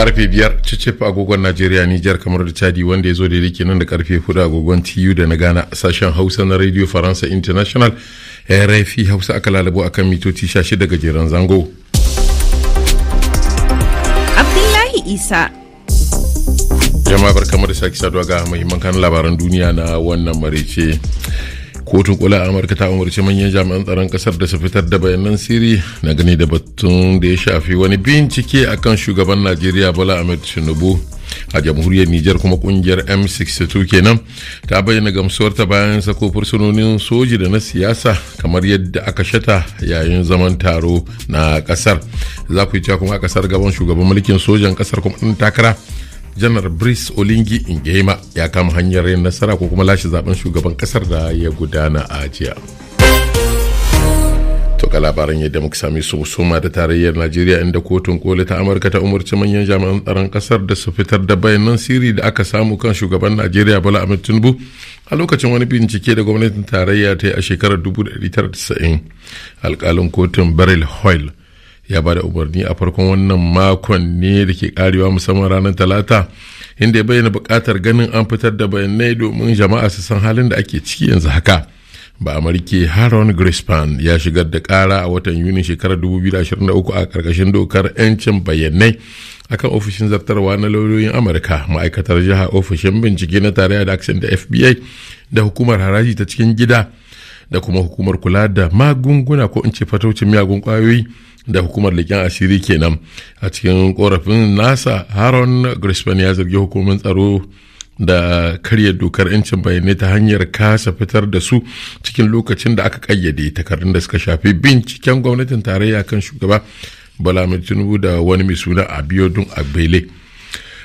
karfe biyar cicif agogon najeriya nijar kamar da chadi wanda ya zo da yake nan da karfe hudu agogon tu da na ghana sashen hausa na radio faransa international rfi hausa aka lalabo akan mitoci 16 gajeren zango abdullahi isa jama'a barkamu da sake saduwa ga muhimman kan labaran duniya na wannan marece kotun kula a amurka ta umarci manyan jami'an tsaron kasar da su fitar da bayanan sirri na gani da batun da ya shafi wani bincike a kan shugaban najeriya bola ahmed tinubu a jamhuriyar niger kuma kungiyar m62 kenan ta bayyana gamsuwar ta bayan sako fursunonin soji da na siyasa kamar yadda aka shata yayin zaman taro na kasar za ku yi cewa kuma a kasar gaban shugaban mulkin sojan kasar kuma takara janar brice olingi ingema ya kama hanyar yin nasara ko kuma lashe zaben shugaban kasar da ya gudana a jiya toka labaran yadda muka sami su suma da tarayyar najeriya inda kotun koli ta amurka ta umarci manyan jami'an tsaron kasar da su fitar da bayanan sirri da aka samu kan shugaban najeriya Bala ahmed tinubu a lokacin wani bincike da gwamnatin tarayya ta yi a shekarar 1990 alkalin kotun beryl hoyle ya ba da umarni a farkon wannan makon ne da ke karewa musamman ranar talata inda ya bayyana bukatar ganin an fitar da bayanai domin jama'a su san halin da ake ciki yanzu haka ba amurke haron grispan ya shigar da kara a watan yunin shekarar 2023 a karkashin dokar 'yancin bayanai akan ofishin zartarwa na lauyoyin amurka ma'aikatar jiha ofishin bincike na tarayya da aksin da fbi da hukumar haraji ta cikin gida da kuma hukumar kula da magunguna ko in ce fatocin miyagun kwayoyi da hukumar leƙen asiri kenan a cikin korafin nasa haron grisman ya zargi hukumar tsaro da karya dokar 'yancin bayanai ta hanyar kasa fitar da su cikin lokacin da aka kayyade takardun da suka shafi binciken gwamnatin tarayya kan shugaba bala tinubu da wani mai suna abiodun abele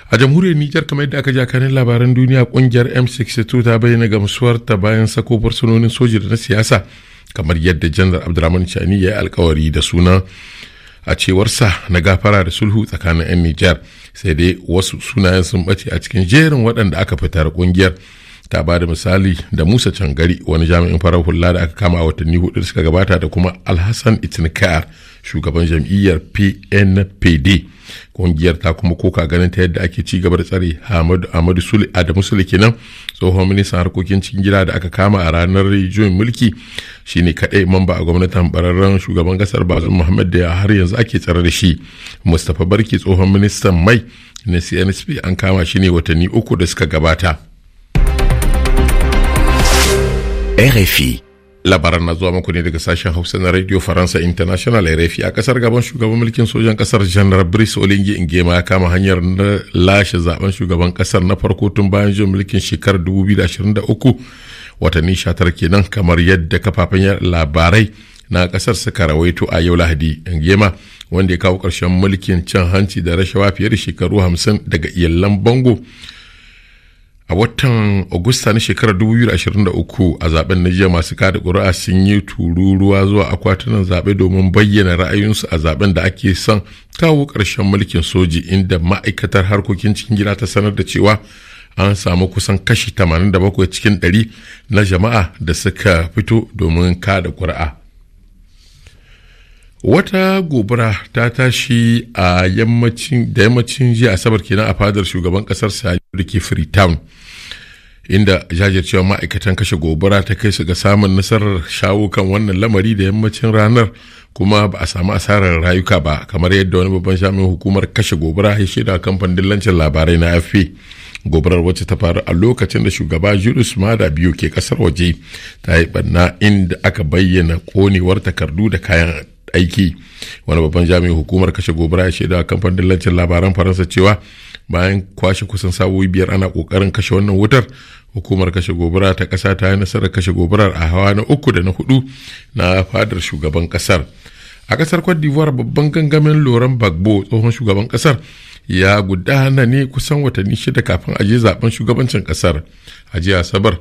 a jamhuriyar nijar kamar yadda aka ji kanin labaran duniya kungiyar m62 ta bayyana gamsuwar ta bayan sako fursunonin soji da na siyasa kamar yadda janar abdulrahman shani ya yi alkawari da suna a cewarsa na gafara da sulhu tsakanin 'yan nijar sai dai wasu sunayen sun bace a cikin jerin waɗanda aka fitar kungiyar ta ba da misali da musa cangari wani jami'in farar hula da aka kama a watanni hudu da suka gabata da kuma alhassan itinkar shugaban jam'iyyar pnpd ƙungiyar ta kuma koka ganin ta yadda ake ci gaba da tsare Ahmadu Sule Adamu Sule kenan tsohon ministan harkokin cikin gida da aka kama a ranar juyin mulki shine kadai mamba a gwamnatin bararren shugaban ƙasar Bazum Muhammad da har yanzu ake tsare da shi Mustapha Barki tsohon ministan mai na CNSP an kama shi ne watanni uku da suka gabata RFI labaran na zuwa muku ne daga sashen hausa na radio faransa international rfi a kasar gaban shugaban mulkin sojan kasar janar brice olingi ingema ya kama hanyar na lashe zaben shugaban kasar na farko tun bayan jin mulkin shekarar 2023 watanni 19 kenan kamar yadda kafafen labarai na kasar suka rawaito a yau lahadi ingema wanda ya kawo ƙarshen mulkin cin hanci da rashawa fiye da shekaru 50 daga iyalan bango a watan agusta na shekarar 2023 a zaben na jiya masu kada ƙuri'a sun yi tururuwa zuwa akwatunan zaɓe domin bayyana ra'ayinsu a zaben da ake son kawo ƙarshen mulkin soji inda ma'aikatar harkokin cikin gida ta sanar da cewa an samu kusan kashi 87 cikin 100 na jama'a da suka fito domin kada ƙuri'a. wata gobara ta tashi a yammacin da yammacin jiya asabar kenan a fadar shugaban kasar sani da ke freetown inda jajircewa ma'aikatan kashe gobara ta kai su ga samun nasarar shawo kan wannan lamari da yammacin ranar kuma ba a samu asarar rayuka ba kamar yadda wani babban jami'in hukumar kashe gobara ya shaida a kamfanin dillancin labarai na afp gobarar wacce ta faru a lokacin da shugaba julius mada biyu ke kasar waje ta yi banna inda aka bayyana konewar takardu da kayan aiki wani babban jami'in hukumar kashe gobara ya shaida kamfanin dillancin labaran faransa cewa bayan kwashe kusan sabuwi biyar ana kokarin kashe wannan wutar hukumar kashe gobara ta kasa ta yi nasarar kashe gobarar a hawa na uku da na hudu na fadar shugaban kasar a kasar cote d'ivoire babban gangamin loran bagbo tsohon shugaban kasar ya gudana ne kusan watanni shida kafin a je zaben shugabancin kasar a jiya asabar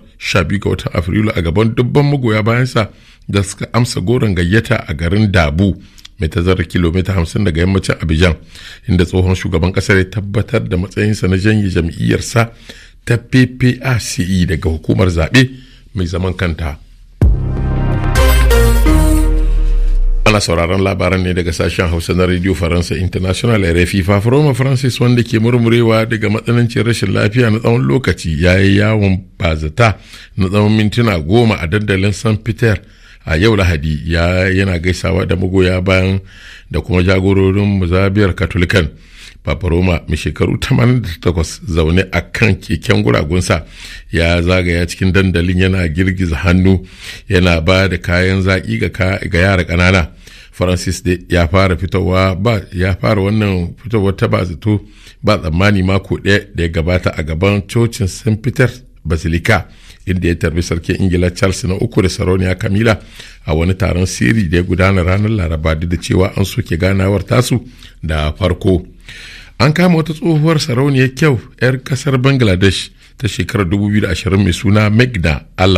biyu ga watan afrilu a gaban dubban magoya bayansa da suka amsa goron gayyata a garin dabu mai tazarar kilomita hamsin daga yammacin abidjan inda tsohon shugaban kasar ya tabbatar da matsayinsa na janye jam'iyyarsa ta ppace daga hukumar zaɓe mai zaman kanta ana sauraron labaran ne daga sashen hausa na radio faransa international rfi fafaroma francis wanda ke murmurewa daga matsanancin rashin lafiya na tsawon lokaci ya yi yawon bazata na tsawon mintuna goma a dandalin san peter a yau lahadi ya yana gaisawa da magoya bayan da kuma jagororin muzabiyar katolikan Papa Roma mai shekaru 88 zaune a kan keken guragunsa ya zagaya cikin dandalin yana girgiza hannu yana ba da kayan zaƙi ga yara ƙanana. francis de ya fara fitowa ba ya fara wannan fitowa ta ba zato ba tsammani mako ɗaya da ya gabata a gaban cocin st peter basilica inda ya tarbi sarkin ingila charles na uku da sarauniya kamila a wani taron sirri da ya gudana ranar laraba duk da cewa an soke ganawar tasu da farko an kama wata tsohuwar sarauniyar kyau 'yar kasar bangladesh ta shekarar 2020 mai suna megna allah